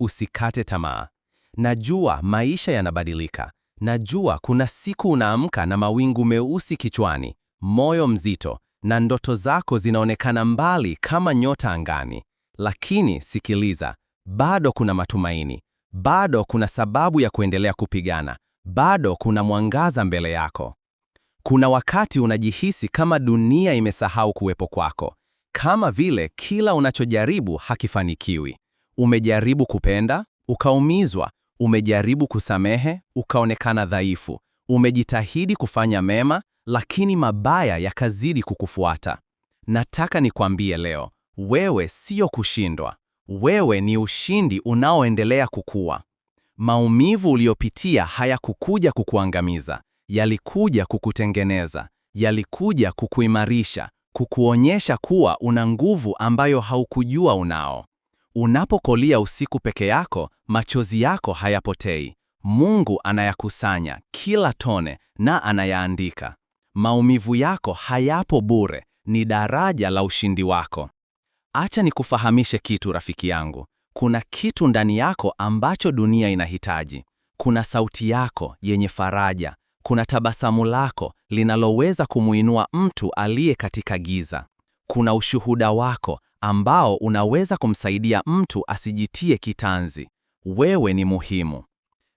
usikate tamaa. Najua maisha yanabadilika. Najua kuna siku unaamka na mawingu meusi kichwani, moyo mzito, na ndoto zako zinaonekana mbali kama nyota angani. Lakini sikiliza, bado kuna matumaini, bado kuna sababu ya kuendelea kupigana, bado kuna mwangaza mbele yako. Kuna wakati unajihisi kama dunia imesahau kuwepo kwako, kama vile kila unachojaribu hakifanikiwi. Umejaribu kupenda, ukaumizwa. Umejaribu kusamehe, ukaonekana dhaifu. Umejitahidi kufanya mema, lakini mabaya yakazidi kukufuata. Nataka nikwambie leo, wewe sio kushindwa. Wewe ni ushindi unaoendelea kukua. Maumivu uliyopitia hayakukuja kukuangamiza, yalikuja kukutengeneza, yalikuja kukuimarisha, kukuonyesha kuwa una nguvu ambayo haukujua unao. Unapokolia usiku peke yako, machozi yako hayapotei. Mungu anayakusanya kila tone na anayaandika. Maumivu yako hayapo bure, ni daraja la ushindi wako. Acha nikufahamishe kitu rafiki yangu. Kuna kitu ndani yako ambacho dunia inahitaji. Kuna sauti yako yenye faraja, kuna tabasamu lako linaloweza kumuinua mtu aliye katika giza, kuna ushuhuda wako ambao unaweza kumsaidia mtu asijitie kitanzi. Wewe ni muhimu,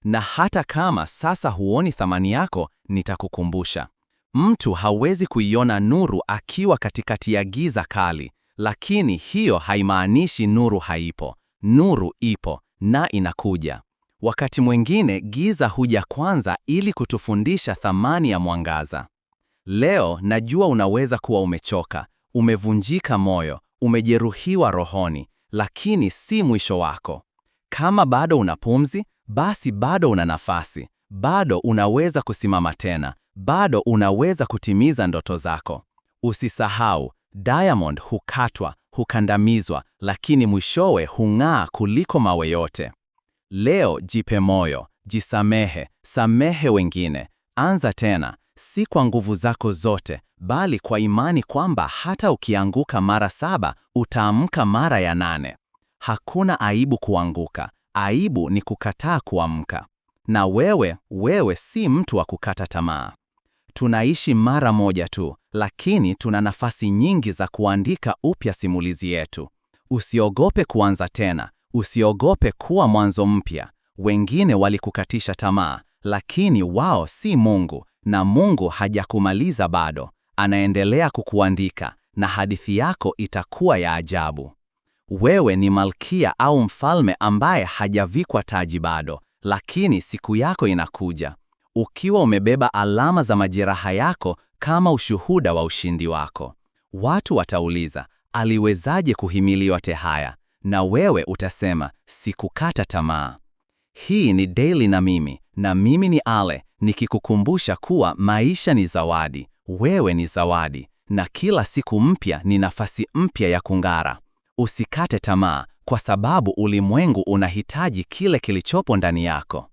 na hata kama sasa huoni thamani yako, nitakukumbusha. Mtu hawezi kuiona nuru akiwa katikati ya giza kali, lakini hiyo haimaanishi nuru haipo. Nuru ipo na inakuja. Wakati mwingine giza huja kwanza ili kutufundisha thamani ya mwangaza. Leo najua unaweza kuwa umechoka, umevunjika moyo, umejeruhiwa rohoni, lakini si mwisho wako. Kama bado una pumzi, basi bado una nafasi, bado unaweza kusimama tena, bado unaweza kutimiza ndoto zako. Usisahau, Diamond hukatwa, hukandamizwa, lakini mwishowe hung'aa kuliko mawe yote. Leo jipe moyo, jisamehe, samehe wengine, anza tena, si kwa nguvu zako zote, bali kwa imani kwamba hata ukianguka mara saba utaamka mara ya nane. Hakuna aibu kuanguka, aibu ni kukataa kuamka. Na wewe, wewe si mtu wa kukata tamaa. Tunaishi mara moja tu, lakini tuna nafasi nyingi za kuandika upya simulizi yetu. Usiogope kuanza tena, usiogope kuwa mwanzo mpya. Wengine walikukatisha tamaa, lakini wao si Mungu na Mungu hajakumaliza bado anaendelea kukuandika na hadithi yako itakuwa ya ajabu. Wewe ni malkia au mfalme ambaye hajavikwa taji bado, lakini siku yako inakuja ukiwa umebeba alama za majeraha yako kama ushuhuda wa ushindi wako. Watu watauliza, aliwezaje kuhimili yote haya? Na wewe utasema, sikukata tamaa. Hii ni Daily na mimi, na mimi ni Ale, nikikukumbusha kuwa maisha ni zawadi wewe ni zawadi, na kila siku mpya ni nafasi mpya ya kung'ara. Usikate tamaa, kwa sababu ulimwengu unahitaji kile kilichopo ndani yako.